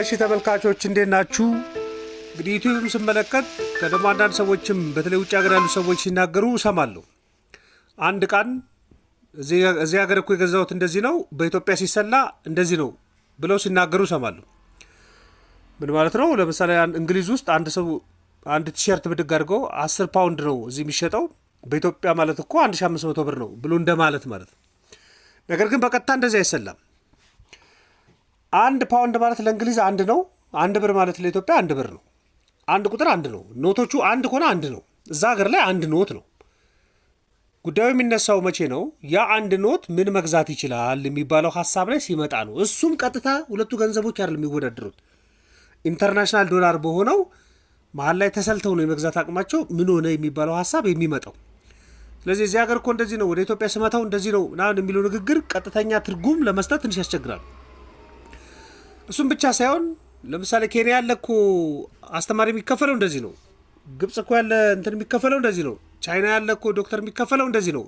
እሺ ተመልካቾች እንዴት ናችሁ? እንግዲህ ዩቲዩብም ስመለከት ከደሞ አንዳንድ ሰዎችም በተለይ ውጭ ሀገር ያሉ ሰዎች ሲናገሩ እሰማለሁ። አንድ ቃን እዚህ ሀገር እኮ የገዛሁት እንደዚህ ነው፣ በኢትዮጵያ ሲሰላ እንደዚህ ነው ብለው ሲናገሩ እሰማለሁ። ምን ማለት ነው? ለምሳሌ እንግሊዝ ውስጥ አንድ ሰው አንድ ቲሸርት ብድግ አድርገው አስር ፓውንድ ነው እዚህ የሚሸጠው በኢትዮጵያ ማለት እኮ አንድ ሺ አምስት መቶ ብር ነው ብሎ እንደማለት ማለት ነው። ነገር ግን በቀጥታ እንደዚህ አይሰላም። አንድ ፓውንድ ማለት ለእንግሊዝ አንድ ነው። አንድ ብር ማለት ለኢትዮጵያ አንድ ብር ነው። አንድ ቁጥር አንድ ነው። ኖቶቹ አንድ ከሆነ አንድ ነው። እዛ ሀገር ላይ አንድ ኖት ነው። ጉዳዩ የሚነሳው መቼ ነው? ያ አንድ ኖት ምን መግዛት ይችላል የሚባለው ሀሳብ ላይ ሲመጣ ነው። እሱም ቀጥታ ሁለቱ ገንዘቦች አይደል የሚወዳደሩት። ኢንተርናሽናል ዶላር በሆነው መሀል ላይ ተሰልተው ነው የመግዛት አቅማቸው ምን ሆነ የሚባለው ሀሳብ የሚመጣው። ስለዚህ እዚህ ሀገር እኮ እንደዚህ ነው፣ ወደ ኢትዮጵያ ስመታው እንደዚህ ነው ምናምን የሚለው ንግግር ቀጥተኛ ትርጉም ለመስጠት ትንሽ ያስቸግራል። እሱም ብቻ ሳይሆን ለምሳሌ ኬንያ ያለ እኮ አስተማሪ የሚከፈለው እንደዚህ ነው። ግብፅ እኮ ያለ እንትን የሚከፈለው እንደዚህ ነው። ቻይና ያለ እኮ ዶክተር የሚከፈለው እንደዚህ ነው።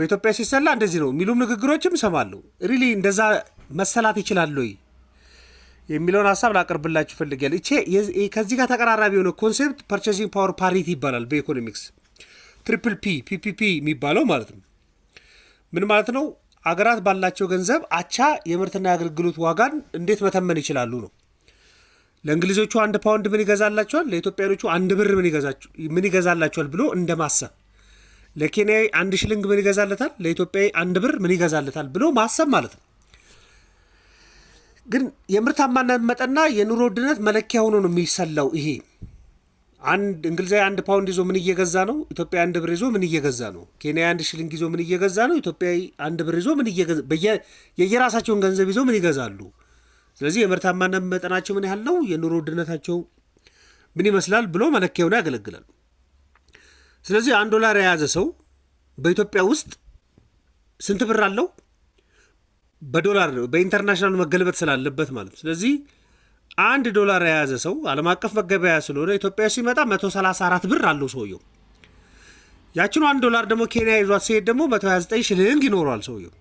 በኢትዮጵያ ሲሰላ እንደዚህ ነው የሚሉም ንግግሮችም እሰማለሁ። ሪሊ እንደዛ መሰላት ይችላል ወይ የሚለውን ሀሳብ ላቀርብላችሁ ፈልጊያል። ከዚህ ጋር ተቀራራቢ የሆነ ኮንሴፕት ፐርቼሲንግ ፓወር ፓሪቲ ይባላል በኢኮኖሚክስ ትሪፕል ፒ ፒፒፒ የሚባለው ማለት ነው። ምን ማለት ነው? አገራት ባላቸው ገንዘብ አቻ የምርትና የአገልግሎት ዋጋን እንዴት መተመን ይችላሉ ነው። ለእንግሊዞቹ አንድ ፓውንድ ምን ይገዛላቸዋል፣ ለኢትዮጵያኖቹ አንድ ብር ምን ይገዛላቸዋል ብሎ እንደማሰብ፣ ለኬንያዊ አንድ ሽልንግ ምን ይገዛለታል፣ ለኢትዮጵያዊ አንድ ብር ምን ይገዛለታል ብሎ ማሰብ ማለት ነው። ግን የምርታማነት መጠንና የኑሮ ውድነት መለኪያ ሆኖ ነው የሚሰላው ይሄ አንድ እንግሊዛዊ አንድ ፓውንድ ይዞ ምን እየገዛ ነው? ኢትዮጵያ አንድ ብር ይዞ ምን እየገዛ ነው? ኬንያ አንድ ሽልንግ ይዞ ምን እየገዛ ነው? ኢትዮጵያ አንድ ብር ይዞ ምን እየገዛ የየራሳቸውን ገንዘብ ይዞ ምን ይገዛሉ? ስለዚህ የምርታማነት መጠናቸው ምን ያህል ነው? የኑሮ ውድነታቸው ምን ይመስላል ብሎ መለኪያ ሆኖ ያገለግላል። ስለዚህ አንድ ዶላር የያዘ ሰው በኢትዮጵያ ውስጥ ስንት ብር አለው? በዶላር በኢንተርናሽናል መገልበጥ ስላለበት ማለት ስለዚህ አንድ ዶላር የያዘ ሰው ዓለም አቀፍ መገበያ ስለሆነ ኢትዮጵያ ሲመጣ 134 ብር አለው ሰውየው። ያችኑ አንድ ዶላር ደግሞ ኬንያ ይዟት ሲሄድ ደግሞ 129 ሽልንግ ይኖረዋል ሰውየው።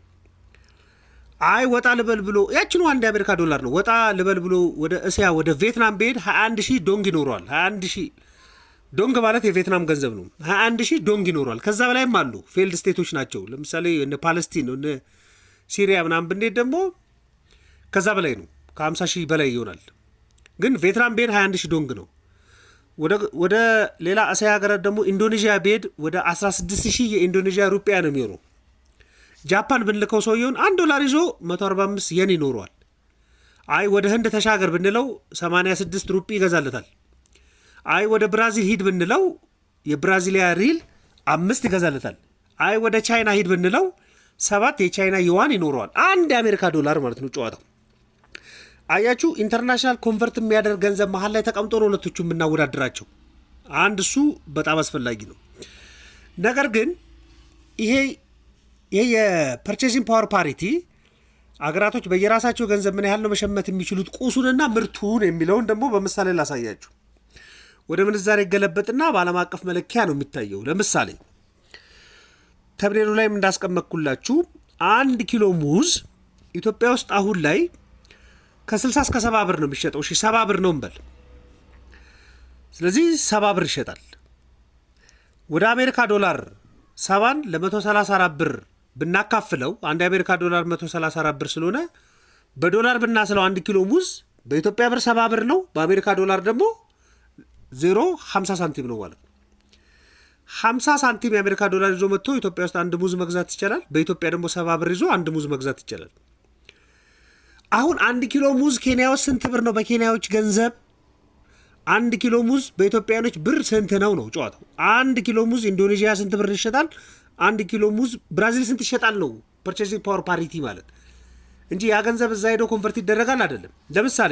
አይ ወጣ ልበል ብሎ ያችኑ አንድ የአሜሪካ ዶላር ነው። ወጣ ልበል ብሎ ወደ እስያ ወደ ቪየትናም ቢሄድ 21 ሺህ ዶንግ ይኖረዋል። 21 ሺህ ዶንግ ማለት የቪየትናም ገንዘብ ነው። 21 ሺህ ዶንግ ይኖረዋል። ከዛ በላይም አሉ ፌልድ ስቴቶች ናቸው። ለምሳሌ እነ ፓለስቲን እነ ሲሪያ ምናምን ብንሄድ ደግሞ ከዛ በላይ ነው። ከ50 ሺህ በላይ ይሆናል። ግን ቬትራን 21 ሺ ዶንግ ነው። ወደ ሌላ አሳይ ሀገራት ደግሞ ኢንዶኔዥያ ቤድ ወደ 16000 የኢንዶኔዥያ ሩጵያ ነው የሚሆነው። ጃፓን ብንልከው ሰውየውን አንድ ዶላር ይዞ 145 የን ይኖረዋል። አይ ወደ ህንድ ተሻገር ብንለው 86 ሩጲ ይገዛለታል። አይ ወደ ብራዚል ሂድ ብንለው የብራዚሊያ ሪል አምስት ይገዛለታል። አይ ወደ ቻይና ሂድ ብንለው ሰባት የቻይና ዩዋን ይኖረዋል። አንድ የአሜሪካ ዶላር ማለት ነው ጨዋታው። አያችሁ ኢንተርናሽናል ኮንቨርት የሚያደርግ ገንዘብ መሀል ላይ ተቀምጦ ነው ሁለቶቹ የምናወዳድራቸው። አንድ እሱ በጣም አስፈላጊ ነው። ነገር ግን ይሄ ይሄ የፐርቼሲንግ ፓወር ፓሪቲ አገራቶች በየራሳቸው ገንዘብ ምን ያህል ነው መሸመት የሚችሉት ቁሱንና ምርቱን የሚለውን ደግሞ በምሳሌ ላሳያችሁ። ወደ ምንዛሬ ይገለበጥና በዓለም አቀፍ መለኪያ ነው የሚታየው። ለምሳሌ ተብሌሉ ላይም እንዳስቀመጥኩላችሁ አንድ ኪሎ ሙዝ ኢትዮጵያ ውስጥ አሁን ላይ ከ60 እስከ 70 ብር ነው የሚሸጠው። እሺ 70 ብር ነው እንበል። ስለዚህ 70 ብር ይሸጣል። ወደ አሜሪካ ዶላር ሰባን ለ134 ብር ብናካፍለው አንድ የአሜሪካ ዶላር 134 ብር ስለሆነ በዶላር ብናስለው አንድ ኪሎ ሙዝ በኢትዮጵያ ብር 70 ብር ነው። በአሜሪካ ዶላር ደግሞ ዜሮ 50 ሳንቲም ነው ማለት ነው። 50 ሳንቲም የአሜሪካ ዶላር ይዞ መጥቶ ኢትዮጵያ ውስጥ አንድ ሙዝ መግዛት ይቻላል። በኢትዮጵያ ደግሞ 70 ብር ይዞ አንድ ሙዝ መግዛት ይቻላል። አሁን አንድ ኪሎ ሙዝ ኬንያ ውስጥ ስንት ብር ነው? በኬንያዎች ገንዘብ አንድ ኪሎ ሙዝ በኢትዮጵያኖች ብር ስንት ነው ነው ጨዋታው? አንድ ኪሎ ሙዝ ኢንዶኔዥያ ስንት ብር ይሸጣል? አንድ ኪሎ ሙዝ ብራዚል ስንት ይሸጣል ነው ፐርቼሲንግ ፓወር ፓሪቲ ማለት እንጂ ያ ገንዘብ እዛ ሄዶ ኮንቨርት ይደረጋል አይደለም። ለምሳሌ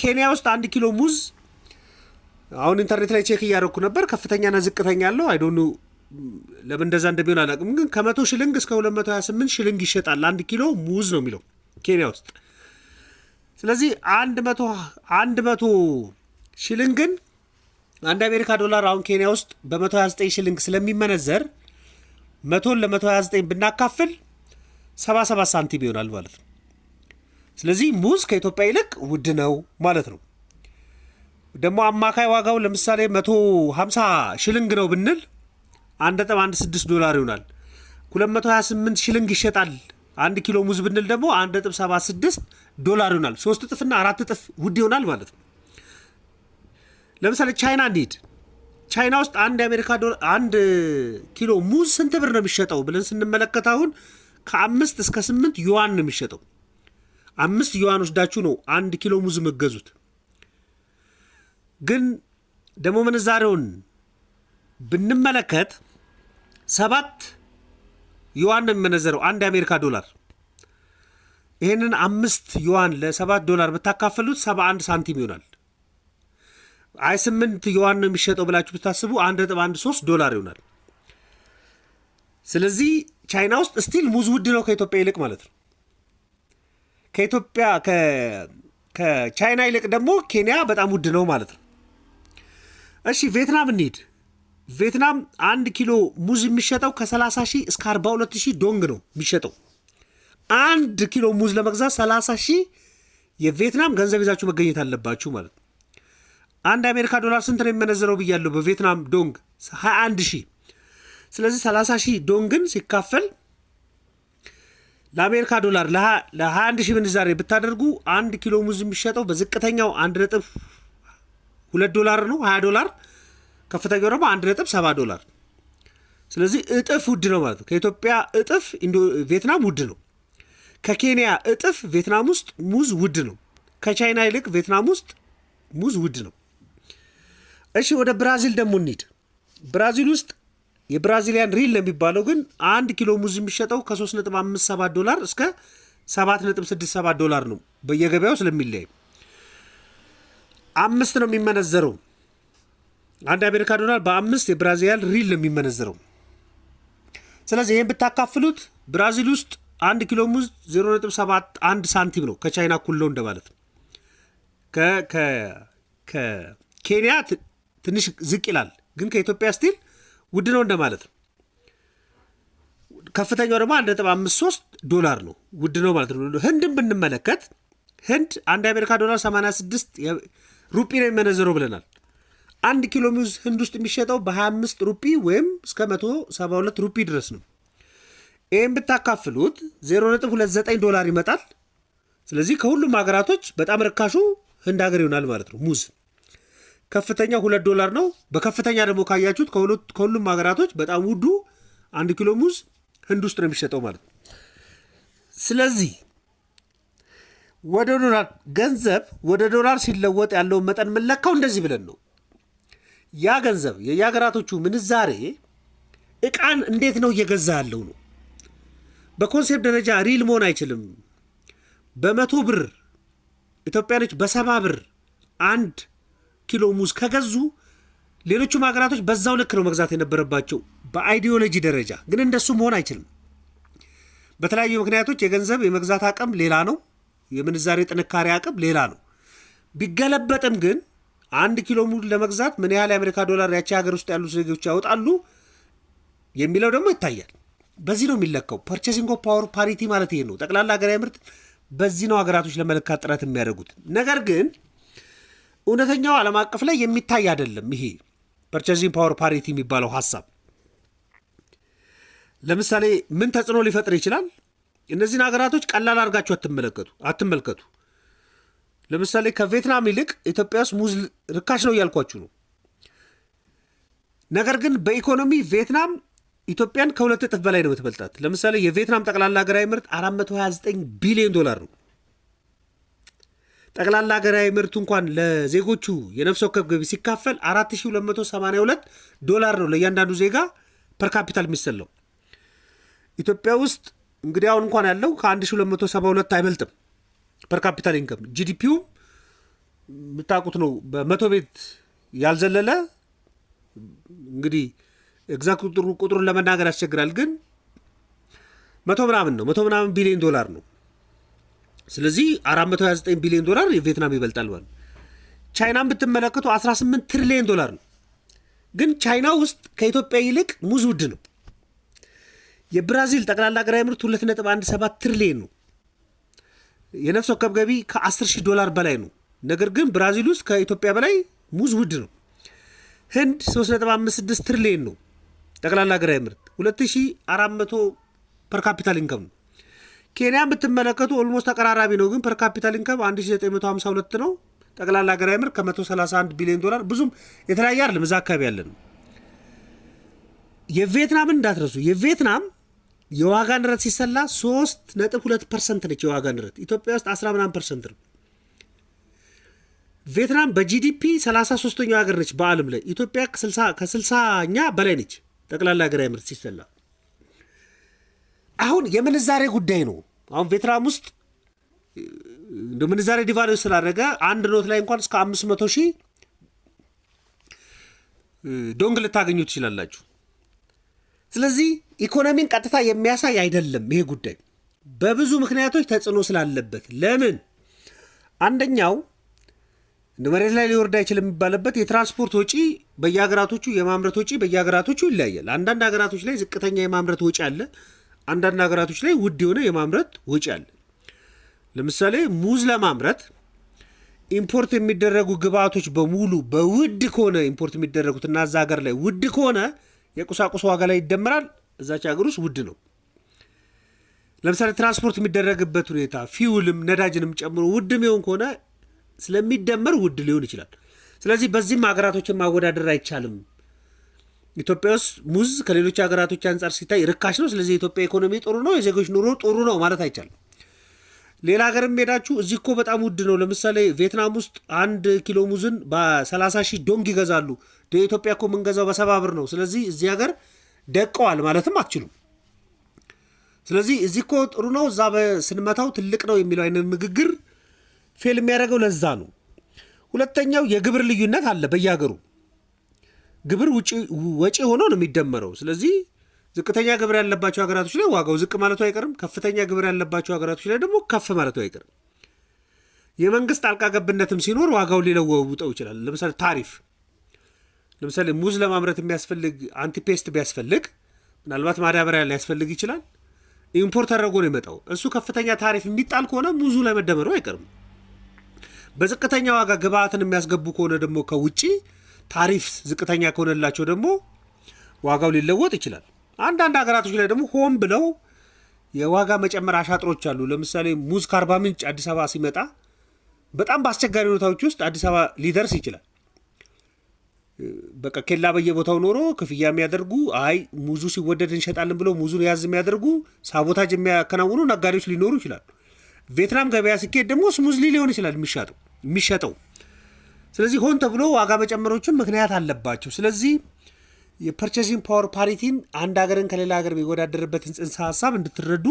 ኬንያ ውስጥ አንድ ኪሎ ሙዝ አሁን ኢንተርኔት ላይ ቼክ እያደረግኩ ነበር። ከፍተኛና ዝቅተኛ አለው አይዶኑ ለምን እንደዛ እንደሚሆን አላውቅም፣ ግን ከመቶ ሽልንግ እስከ 228 ሽልንግ ይሸጣል አንድ ኪሎ ሙዝ ነው የሚለው ኬንያ ውስጥ። ስለዚህ አንድ መቶ አንድ መቶ ሽልንግን አንድ አሜሪካ ዶላር አሁን ኬንያ ውስጥ በ129 ሽልንግ ስለሚመነዘር መቶን ለ129 ብናካፍል 77 ሳንቲም ይሆናል ማለት ነው። ስለዚህ ሙዝ ከኢትዮጵያ ይልቅ ውድ ነው ማለት ነው። ደግሞ አማካይ ዋጋው ለምሳሌ 150 ሽልንግ ነው ብንል 1.16 ዶላር ይሆናል። 228 ሽልንግ ይሸጣል አንድ ኪሎ ሙዝ ብንል ደግሞ አንድ ነጥብ ሰባ ስድስት ዶላር ይሆናል። ሶስት እጥፍና አራት እጥፍ ውድ ይሆናል ማለት ነው። ለምሳሌ ቻይና እንሂድ። ቻይና ውስጥ አንድ የአሜሪካ አንድ ኪሎ ሙዝ ስንት ብር ነው የሚሸጠው ብለን ስንመለከት አሁን ከአምስት እስከ ስምንት ዩዋን ነው የሚሸጠው። አምስት ዩዋን ወስዳችሁ ነው አንድ ኪሎ ሙዝ መገዙት። ግን ደግሞ ምንዛሬውን ብንመለከት ሰባት ዩዋን ነው የሚመነዘረው አንድ የአሜሪካ ዶላር። ይህንን አምስት ዩዋን ለሰባት ዶላር ብታካፈሉት ሰባ አንድ ሳንቲም ይሆናል። አይ ስምንት ዩዋን ነው የሚሸጠው ብላችሁ ብታስቡ አንድ ነጥብ አንድ ሶስት ዶላር ይሆናል። ስለዚህ ቻይና ውስጥ ስቲል ሙዝ ውድ ነው ከኢትዮጵያ ይልቅ ማለት ነው። ከኢትዮጵያ ከቻይና ይልቅ ደግሞ ኬንያ በጣም ውድ ነው ማለት ነው። እሺ ቪየትናም እንሂድ። ቬትናም አንድ ኪሎ ሙዝ የሚሸጠው ከ30 ሺህ እስከ 42 ሺህ ዶንግ ነው የሚሸጠው። አንድ ኪሎ ሙዝ ለመግዛት 30 ሺህ የቬትናም ገንዘብ ይዛችሁ መገኘት አለባችሁ ማለት ነው። አንድ አሜሪካ ዶላር ስንት ነው የሚመነዘረው ብያለሁ? በቬትናም ዶንግ 21 ሺህ። ስለዚህ 30 ሺህ ዶንግን ሲካፈል ለአሜሪካ ዶላር ለ21 ሺህ ምንዛሬ ብታደርጉ አንድ ኪሎ ሙዝ የሚሸጠው በዝቅተኛው 1 ነጥብ 2 ዶላር ነው 20 ዶላር ከፍተኛው ደግሞ አንድ ነጥብ ሰባ ዶላር። ስለዚህ እጥፍ ውድ ነው ማለት ነው። ከኢትዮጵያ እጥፍ ቪየትናም ውድ ነው። ከኬንያ እጥፍ ቪየትናም ውስጥ ሙዝ ውድ ነው። ከቻይና ይልቅ ቪየትናም ውስጥ ሙዝ ውድ ነው። እሺ ወደ ብራዚል ደግሞ እንሂድ። ብራዚል ውስጥ የብራዚሊያን ሪል ለሚባለው ግን አንድ ኪሎ ሙዝ የሚሸጠው ከ3.57 ዶላር እስከ 7.67 ዶላር ነው። በየገበያው ስለሚለያይ አምስት ነው የሚመነዘረው አንድ አሜሪካ ዶላር በአምስት የብራዚያል ሪል ነው የሚመነዘረው። ስለዚህ ይህን ብታካፍሉት ብራዚል ውስጥ አንድ ኪሎ ሙዝ 0.71 ሳንቲም ነው፣ ከቻይና ኩሎ እንደማለት ነው። ከኬንያ ትንሽ ዝቅ ይላል፣ ግን ከኢትዮጵያ ስቲል ውድ ነው እንደማለት ነው። ከፍተኛው ደግሞ ሶስት ዶላር ነው፣ ውድ ነው ማለት ነው። ህንድን ብንመለከት ህንድ አንድ የአሜሪካ ዶላር 86 ሩጲ ነው የሚመነዝረው ብለናል። አንድ ኪሎ ሙዝ ህንድ ውስጥ የሚሸጠው በ25 ሩፒ ወይም እስከ 172 ሩፒ ድረስ ነው። ይህም ብታካፍሉት 0.29 ዶላር ይመጣል። ስለዚህ ከሁሉም ሀገራቶች በጣም ርካሹ ህንድ ሀገር ይሆናል ማለት ነው። ሙዝ ከፍተኛ ሁለት ዶላር ነው። በከፍተኛ ደግሞ ካያችሁት ከሁሉም ሀገራቶች በጣም ውዱ አንድ ኪሎ ሙዝ ህንድ ውስጥ ነው የሚሸጠው ማለት ነው። ስለዚህ ወደ ዶላር ገንዘብ ወደ ዶላር ሲለወጥ ያለውን መጠን የምንለካው እንደዚህ ብለን ነው። ያ ገንዘብ የየሀገራቶቹ ምንዛሬ እቃን እንዴት ነው እየገዛ ያለው ነው። በኮንሴፕት ደረጃ ሪል መሆን አይችልም። በመቶ ብር ኢትዮጵያኖች በሰባ ብር አንድ ኪሎ ሙዝ ከገዙ ሌሎቹም ሀገራቶች በዛው ልክ ነው መግዛት የነበረባቸው። በአይዲዮሎጂ ደረጃ ግን እንደሱ መሆን አይችልም። በተለያዩ ምክንያቶች የገንዘብ የመግዛት አቅም ሌላ ነው፣ የምንዛሬ ጥንካሬ አቅም ሌላ ነው። ቢገለበጥም ግን አንድ ኪሎ ሙድ ለመግዛት ምን ያህል የአሜሪካ ዶላር ያቺ ሀገር ውስጥ ያሉ ዜጎች ያወጣሉ የሚለው ደግሞ ይታያል። በዚህ ነው የሚለካው። ፐርቼሲንግ ፓወር ፓሪቲ ማለት ይሄ ነው። ጠቅላላ ሀገራዊ ምርት በዚህ ነው ሀገራቶች ለመለካት ጥረት የሚያደርጉት። ነገር ግን እውነተኛው ዓለም አቀፍ ላይ የሚታይ አይደለም። ይሄ ፐርቼሲንግ ፓወር ፓሪቲ የሚባለው ሀሳብ ለምሳሌ ምን ተጽዕኖ ሊፈጥር ይችላል? እነዚህን ሀገራቶች ቀላል አድርጋችሁ አትመለከቱ አትመልከቱ። ለምሳሌ ከቬትናም ይልቅ ኢትዮጵያ ውስጥ ሙዝ ርካሽ ነው እያልኳችሁ ነው። ነገር ግን በኢኮኖሚ ቬትናም ኢትዮጵያን ከሁለት እጥፍ በላይ ነው የምትበልጣት። ለምሳሌ የቬትናም ጠቅላላ ሀገራዊ ምርት 429 ቢሊዮን ዶላር ነው። ጠቅላላ ሀገራዊ ምርቱ እንኳን ለዜጎቹ የነፍስ ወከፍ ገቢ ሲካፈል 4282 ዶላር ነው ለእያንዳንዱ ዜጋ ፐርካፒታል ካፒታል የሚሰለው። ኢትዮጵያ ውስጥ እንግዲህ አሁን እንኳን ያለው ከ1272 አይበልጥም። ፐርካፒታል ኢንከም ጂዲፒው የምታውቁት ነው። በመቶ ቤት ያልዘለለ እንግዲህ ኤግዛክት ቁጥሩን ለመናገር ያስቸግራል፣ ግን መቶ ምናምን ነው። መቶ ምናምን ቢሊዮን ዶላር ነው። ስለዚህ 429 ቢሊዮን ዶላር የቪየትናም ይበልጣል ማለት ቻይናን ብትመለከቱ 18 ትሪሊዮን ዶላር ነው። ግን ቻይና ውስጥ ከኢትዮጵያ ይልቅ ሙዝ ውድ ነው። የብራዚል ጠቅላላ አገራዊ ምርት 2.17 ትሪሊዮን ነው። የነፍስ ወከፍ ገቢ ከ10 ሺህ ዶላር በላይ ነው። ነገር ግን ብራዚል ውስጥ ከኢትዮጵያ በላይ ሙዝ ውድ ነው። ህንድ 356 ትሪሊየን ነው ጠቅላላ ሀገራዊ ምርት 2400 ፐርካፒታል ኢንከም ነው። ኬንያን ብትመለከቱ ኦልሞስት ተቀራራቢ ነው፣ ግን ፐርካፒታል ኢንከም 1952 ነው። ጠቅላላ ሀገራዊ ምርት ከ131 ቢሊዮን ዶላር ብዙም የተለያየ አይደለም። እዛ አካባቢ ያለን የቪየትናምን እንዳትረሱ የቪየትናም የዋጋ ንረት ሲሰላ 3 ነጥብ 2 ፐርሰንት ነች። የዋጋ ንረት ኢትዮጵያ ውስጥ 1 ምናምን ፐርሰንት ነው። ቪየትናም በጂዲፒ 33ኛው ሀገር ነች በዓለም ላይ። ኢትዮጵያ ከ 6 ሳኛ በላይ ነች ጠቅላላ ሀገራዊ ምርት ሲሰላ። አሁን የምንዛሬ ጉዳይ ነው። አሁን ቬትናም ውስጥ እንደ ምንዛሬ ዲቫሉ ስላደረገ አንድ ኖት ላይ እንኳን እስከ 500 ሺህ ዶንግ ልታገኙ ትችላላችሁ። ስለዚህ ኢኮኖሚን ቀጥታ የሚያሳይ አይደለም። ይሄ ጉዳይ በብዙ ምክንያቶች ተጽዕኖ ስላለበት ለምን አንደኛው እንደ መሬት ላይ ሊወርድ አይችልም የሚባልበት የትራንስፖርት ወጪ በየሀገራቶቹ የማምረት ወጪ በየሀገራቶቹ ይለያያል። አንዳንድ ሀገራቶች ላይ ዝቅተኛ የማምረት ወጪ አለ። አንዳንድ ሀገራቶች ላይ ውድ የሆነ የማምረት ወጪ አለ። ለምሳሌ ሙዝ ለማምረት ኢምፖርት የሚደረጉ ግብአቶች በሙሉ በውድ ከሆነ ኢምፖርት የሚደረጉት እና እዛ ሀገር ላይ ውድ ከሆነ የቁሳቁስ ዋጋ ላይ ይደመራል። እዛች ሀገር ውስጥ ውድ ነው። ለምሳሌ ትራንስፖርት የሚደረግበት ሁኔታ ፊውልም ነዳጅንም ጨምሮ ውድ የሚሆን ከሆነ ስለሚደመር ውድ ሊሆን ይችላል። ስለዚህ በዚህም ሀገራቶችን ማወዳደር አይቻልም። ኢትዮጵያ ውስጥ ሙዝ ከሌሎች ሀገራቶች አንጻር ሲታይ ርካሽ ነው። ስለዚህ የኢትዮጵያ ኢኮኖሚ ጥሩ ነው፣ የዜጎች ኑሮ ጥሩ ነው ማለት አይቻልም። ሌላ ሀገርም ሄዳችሁ እዚህ እኮ በጣም ውድ ነው። ለምሳሌ ቪየትናም ውስጥ አንድ ኪሎ ሙዝን በ30 ሺህ ዶንግ ይገዛሉ። ኢትዮጵያ እኮ የምንገዛው በሰባ ብር ነው። ስለዚህ እዚህ ሀገር ደቀዋል ማለትም አትችሉም። ስለዚህ እዚህ እኮ ጥሩ ነው፣ እዛ በስንመታው ትልቅ ነው የሚለው አይነት ንግግር ፌል የሚያደርገው ለዛ ነው። ሁለተኛው የግብር ልዩነት አለ። በየሀገሩ ግብር ወጪ ሆኖ ነው የሚደመረው። ስለዚህ ዝቅተኛ ግብር ያለባቸው ሀገራቶች ላይ ዋጋው ዝቅ ማለቱ አይቀርም። ከፍተኛ ግብር ያለባቸው ሀገራቶች ላይ ደግሞ ከፍ ማለቱ አይቀርም። የመንግስት ጣልቃ ገብነትም ሲኖር ዋጋው ሊለወውጠው ይችላል። ለምሳሌ ታሪፍ፣ ለምሳሌ ሙዝ ለማምረት የሚያስፈልግ አንቲፔስት ቢያስፈልግ ምናልባት ማዳበሪያ ሊያስፈልግ ይችላል። ኢምፖርት ተደርጎ ነው የመጣው። እሱ ከፍተኛ ታሪፍ የሚጣል ከሆነ ሙዙ ላይ መደመሩ አይቀርም። በዝቅተኛ ዋጋ ግብአትን የሚያስገቡ ከሆነ ደግሞ ከውጭ ታሪፍ ዝቅተኛ ከሆነላቸው ደግሞ ዋጋው ሊለወጥ ይችላል። አንዳንድ ሀገራቶች ላይ ደግሞ ሆን ብለው የዋጋ መጨመር አሻጥሮች አሉ። ለምሳሌ ሙዝ ከአርባ ምንጭ አዲስ አበባ ሲመጣ በጣም በአስቸጋሪ ሁኔታዎች ውስጥ አዲስ አበባ ሊደርስ ይችላል። በቃ ኬላ በየቦታው ኖሮ ክፍያ የሚያደርጉ አይ ሙዙ ሲወደድ እንሸጣለን ብለው ሙዙን ያዝ የሚያደርጉ ሳቦታጅ የሚያከናውኑ ነጋዴዎች ሊኖሩ ይችላሉ። ቬትናም ገበያ ሲካሄድ ደግሞ ስሙዝሊ ሊሆን ይችላል የሚሸጠው። ስለዚህ ሆን ተብሎ ዋጋ መጨመሮችን ምክንያት አለባቸው። ስለዚህ የፐርቼሲንግ ፓወር ፓሪቲን አንድ ሀገርን ከሌላ ሀገር የሚወዳደርበትን ጽንሰ ሀሳብ እንድትረዱ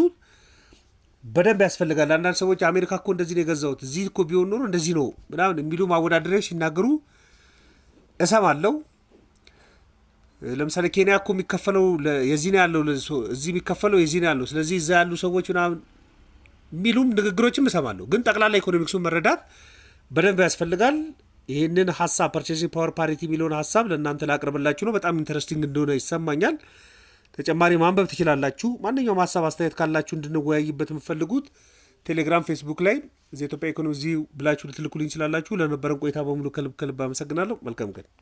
በደንብ ያስፈልጋል። አንዳንድ ሰዎች አሜሪካ እኮ እንደዚህ ነው የገዛሁት፣ እዚህ እኮ ቢሆን ኖሮ እንደዚህ ነው ምናምን የሚሉ ማወዳደሪያዎች ሲናገሩ እሰማለሁ። ለምሳሌ ኬንያ እኮ የሚከፈለው የዚህ ነው ያለው፣ እዚህ የሚከፈለው የዚህ ነው ያለው፣ ስለዚህ እዛ ያሉ ሰዎች ምናምን የሚሉም ንግግሮችም እሰማለሁ። ግን ጠቅላላ ኢኮኖሚክሱን መረዳት በደንብ ያስፈልጋል። ይህንን ሀሳብ ፐርቼሲንግ ፓወር ፓሪቲ የሚለውን ሀሳብ ለእናንተ ላቅርብላችሁ ነው። በጣም ኢንተረስቲንግ እንደሆነ ይሰማኛል። ተጨማሪ ማንበብ ትችላላችሁ። ማንኛውም ሀሳብ አስተያየት ካላችሁ እንድንወያይበት የምፈልጉት ቴሌግራም፣ ፌስቡክ ላይ ዘ ኢትዮጵያ ኢኮኖሚ ብላችሁ ልትልኩልኝ ይችላላችሁ። ለነበረን ቆይታ በሙሉ ከልብ ከልብ አመሰግናለሁ። መልካም ቀን።